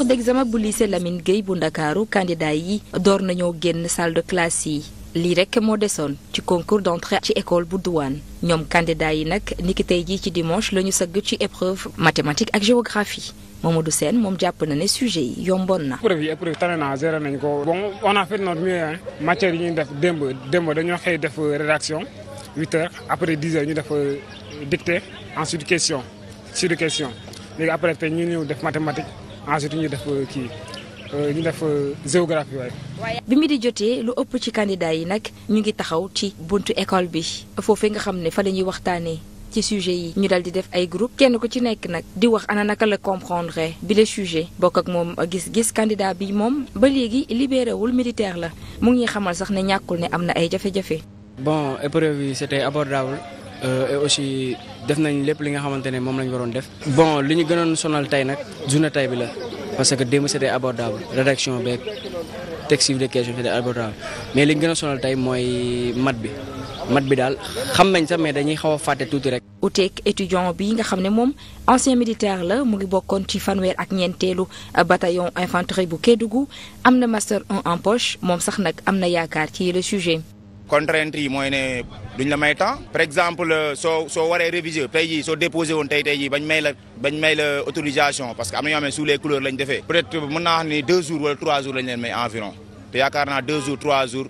centre d'examen bu lycée Lamine Gueye bu ndakaaru candidat yi door nañoo génn salle de classe yi lii rek moo desoon ci concours d'entrée ci école bu douane ñoom candidat yi nag niki tey jii ci dimanche la ñu sëgg ci épreuve mathématique ak géographie du seen moom jàpp na ne sujet yi yomboon na. épreuve yi épreuve ko. bon on a fait notre matière yi ñuy def démb démb dañoo xëy def euh, rédaction huit heures après dix ñu def euh, dictée ensuite question sur question léegi après tey ñu ñëw def mathématique. ensuite ñu def euh, kii euh, ñu def euh, géographie waaye. bi mi di jotee lu ëpp ci candidat yi nag ñu ngi taxaw ci buntu école bi foofee nga xam ne fa dañuy waxtaanee. ci sujet yi ñu dal di def ay groupe kenn ku ci nekk nag di wax ana naka la comprendre bi le sujet bokk ak moom gis-gis candidat bi moom ba léegi libéré wul militaire la mu ngi xamal sax ne ñàkkul ne am na ay jafe-jafe. bon épreuve yi c'était abordable. Euh, et aussi def nañ lépp li nga xamante ne moom lañu waroon def. bon li ñu gënoon sonal tey nag journée tey bi la parce que démb c'était abordable rédaction beeg texte de question c'était abordable mais li ñu gën a sonal tey mooy mat bi mat bi daal xam nañ sax mais dañuy xaw a fàtte tuuti rek. uteek étudiant bi nga xam ne moom ancien militaire la mu ngi bokkoon ci fanweer ak ñeenteelu euh, bataillon infanterie bu Kédougou am na master 1 en poche moom sax nag am na yaakaar ci le sujet. contrainte yi mooy ne duñ la may temps par exemple euh, soo soo waree réviser tey soo déposé woon tey tey jii bañ may la bañ may la autorisation parce que am na ñoo xam ne sous les couleurs lañ defee peut-être mën naa wax ni deux jours wala trois jours lañ leen may environ te yaakaar naa deux jours trois jours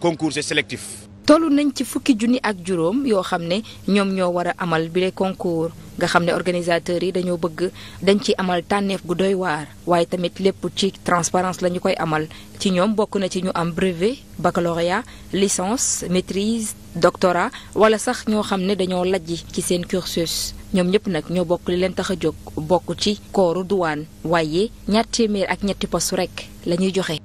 concours c'est sélectif. nañ ci fukki junni ak juróom yoo xam ne ñoom ñoo war a amal bile concours. nga xam ne organisateurs yi dañoo bëgg dañ ci amal tànneef gu doy waar waaye tamit lépp ci transparence la ñu koy amal ci ñoom bokk na ci ñu am brevet baccalauréat licence maîtrise doctorat wala sax ñoo xam ne dañoo lajj ci seen cursus ñoom ñëpp nag ñoo bokk li leen tax a jóg bokk ci kooru duwaan waaye ñaar téeméer ak ñetti post rekk lañuy joxe